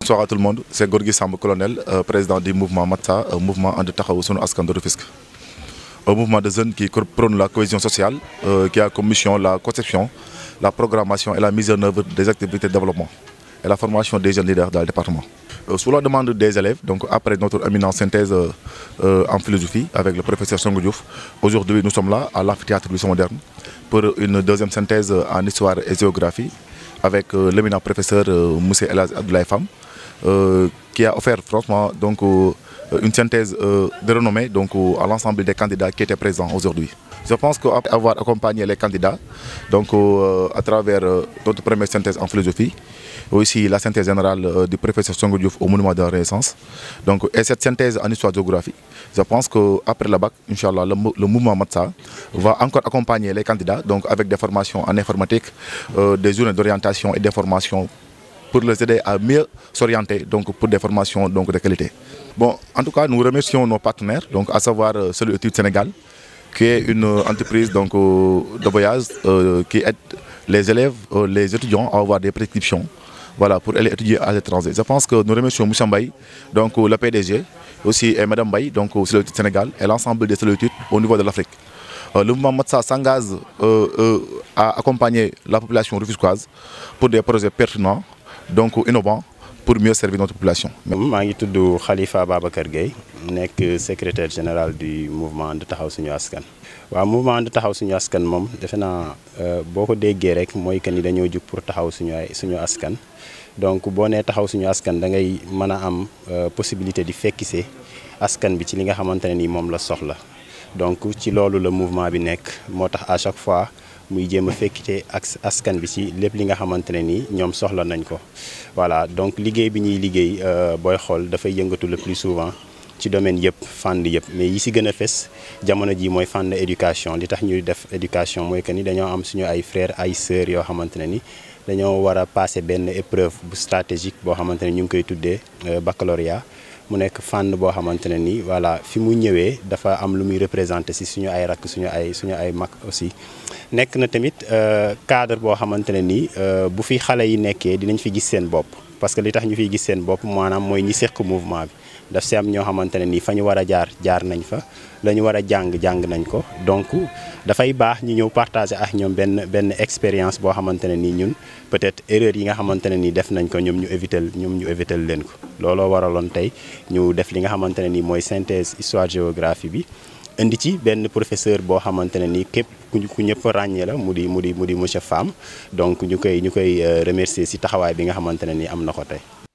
Bonsoir à tout le monde, c'est Gorgi Samb colonel, euh, président du mouvement MATSA, un euh, mouvement en détachement à son de Un mouvement de jeunes qui prône la cohésion sociale, euh, qui a comme mission la conception, la programmation et la mise en œuvre des activités de développement et la formation des jeunes leaders dans le département. Euh, sous la demande des élèves, donc après notre éminente synthèse euh, euh, en philosophie avec le professeur Sango aujourd'hui nous sommes là à l'amphithéâtre Lucie Moderne pour une deuxième synthèse en histoire et géographie avec l'éminent professeur Moussé Elaz Abdoulaye Fam qui a offert franchement donc euh, une synthèse euh, de renommée donc, à l'ensemble des candidats qui étaient présents aujourd'hui. Je pense qu'après avoir accompagné les candidats donc, euh, à travers notre première synthèse en philosophie, aussi la synthèse générale du professeur Songo au monument de la Renaissance. Donc, et cette synthèse en histoire géographie, je pense qu'après la BAC, Inch'Allah, le, mouvement Matsa va encore accompagner les candidats donc avec des formations en informatique, des zones d'orientation et des formations pour les aider à mieux s'orienter donc pour des formations donc de qualité. Bon, en tout cas, nous remercions nos partenaires, donc à savoir euh, Sénégal, qui est une euh, entreprise donc euh, de voyage euh, qui aide les élèves, les étudiants à avoir des prescriptions. Voilà, pour aller étudier à l'étranger. Je pense que nous remercions Moussa Mbaye, donc le PDG, aussi et Madame Mbaye, donc Sénégal, et l'ensemble des solitudes au niveau de l'Afrique. le mouvement Matsa s'engage à accompagner la population rufusquoise pour des projets pertinents donc innovant pour mieux servir notre population. Je mm, suis Khalifa Babacar Gueye nekk secrétaire général du mouvement de Tahaw Suñu Askan. Le mouvement de Tahaw Suñu Askan moom defe naa de euh, ko qui rek mooy que ni pour Tahaw suñu askan. donc si nee taxaw askan da ngay la a am euh, possibilité di fekkisee askan bi ci li nga xamante ne Donc c'est la soxla le mouvement bi à chaque fois muy jéem a fekkite ak askan bi si lépp li nga xamante ne nii ñoom soxla nañ ko voilà donc liggéey bi ñuy liggéey euh, booy xool dafay yëngatu le plus souvent ci domaine yëpp fànn yëpp mais yi si gën a fes jamono ji mooy fànn éducation li tax ñuy def éducation mooy que ni dañoo am suñu ay frères ay sœurs yoo xamante ne ni dañoo war a passer benn épreuve bu stratégique boo xamante ne ñu ngi koy tuddee euh, baccalauréat mu nekk fànn boo xamante ne nii voilà fi mu ñëwee dafa am lu muy représenté si suñu ay rakk suñu ay suñu ay mag aussi nekk na tamit euh, cadre boo xamante ne nii euh, bu fi xale yi nekkee dinañ fi gis seen bopp parce que li tax ñu fiy gis seen bopp maanaam mooy ñi seq mouvement bi daf si am ñoo xamante ne nii fa ñu war a jaar jaar nañ fa la ñu war a jàng jàng nañ ko donc dafay baax ñu ñëw partager ak ñoom benn benn expérience boo xamante ne nii ñun peut-être erreur yi nga xamante ne nii def nañ ko ñoom ñu éviter ñoom ñu éviter leen ko looloo waraloon tey ñu def li nga xamante ne nii mooy synthèse histoire géographie bi. indi ci benn professeur boo xamante ne ni képp ku ñëpp ràññee la mu di mu di mu di monsieur Fam donc ñu koy ñu koy euh, remercier ci taxawaay bi nga xamante ne ni am na ko tey